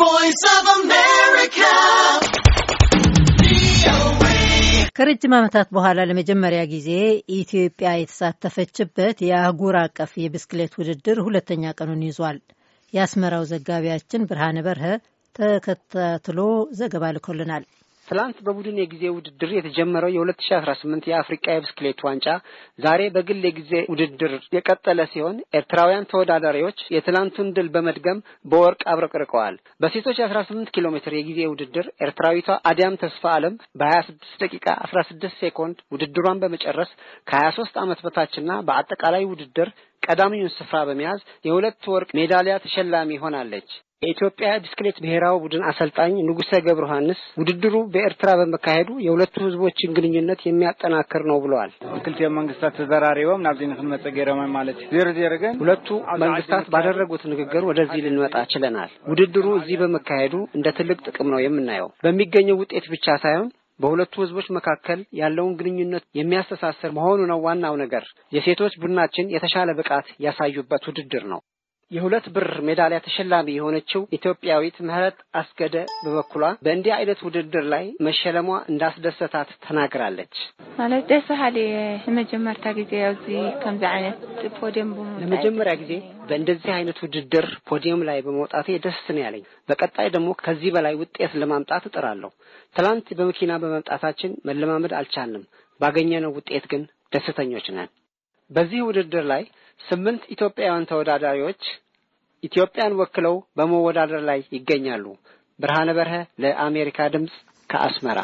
voice of America. ከረጅም ዓመታት በኋላ ለመጀመሪያ ጊዜ ኢትዮጵያ የተሳተፈችበት የአህጉር አቀፍ የብስክሌት ውድድር ሁለተኛ ቀኑን ይዟል። የአስመራው ዘጋቢያችን ብርሃነ በርሀ ተከታትሎ ዘገባ ልኮልናል። ትላንት በቡድን የጊዜ ውድድር የተጀመረው የ2018 የአፍሪቃ የብስክሌት ዋንጫ ዛሬ በግል የጊዜ ውድድር የቀጠለ ሲሆን ኤርትራውያን ተወዳዳሪዎች የትላንቱን ድል በመድገም በወርቅ አብረቅርቀዋል። በሴቶች 18 ኪሎ ሜትር የጊዜ ውድድር ኤርትራዊቷ አዲያም ተስፋ ዓለም በ26 ደቂቃ 16 ሴኮንድ ውድድሯን በመጨረስ ከ23 ዓመት በታችና በአጠቃላይ ውድድር ቀዳሚውን ስፍራ በመያዝ የሁለት ወርቅ ሜዳሊያ ተሸላሚ ሆናለች። የኢትዮጵያ ብስክሌት ብሔራዊ ቡድን አሰልጣኝ ንጉሰ ገብረ ዮሐንስ ውድድሩ በኤርትራ በመካሄዱ የሁለቱ ህዝቦችን ግንኙነት የሚያጠናክር ነው ብለዋል። ክልት መንግስታት ተዘራሪቦም ናብዚ ንክንመፀገረመ ማለት ዜሮ ዜሮ ግን ሁለቱ መንግስታት ባደረጉት ንግግር ወደዚህ ልንመጣ ችለናል። ውድድሩ እዚህ በመካሄዱ እንደ ትልቅ ጥቅም ነው የምናየው። በሚገኘው ውጤት ብቻ ሳይሆን በሁለቱ ህዝቦች መካከል ያለውን ግንኙነት የሚያስተሳስር መሆኑ ነው ዋናው ነገር። የሴቶች ቡድናችን የተሻለ ብቃት ያሳዩበት ውድድር ነው። የሁለት ብር ሜዳሊያ ተሸላሚ የሆነችው ኢትዮጵያዊት ምህረት አስገደ በበኩሏ በእንዲህ አይነት ውድድር ላይ መሸለሟ እንዳስደሰታት ተናግራለች። ማለት ደስ በሃሊ የመጀመርታ ጊዜ ኣብዚ ከምዚ አይነት ፖዲየም ለመጀመሪያ ጊዜ በእንደዚህ አይነት ውድድር ፖዲየም ላይ በመውጣቴ ደስ ነው ያለኝ። በቀጣይ ደግሞ ከዚህ በላይ ውጤት ለማምጣት እጥራለሁ። ትላንት በመኪና በመምጣታችን መለማመድ አልቻልንም። ባገኘነው ውጤት ግን ደስተኞች ነን። በዚህ ውድድር ላይ ስምንት ኢትዮጵያውያን ተወዳዳሪዎች ኢትዮጵያን ወክለው በመወዳደር ላይ ይገኛሉ። ብርሃነ በርሀ ለአሜሪካ ድምፅ ከአስመራ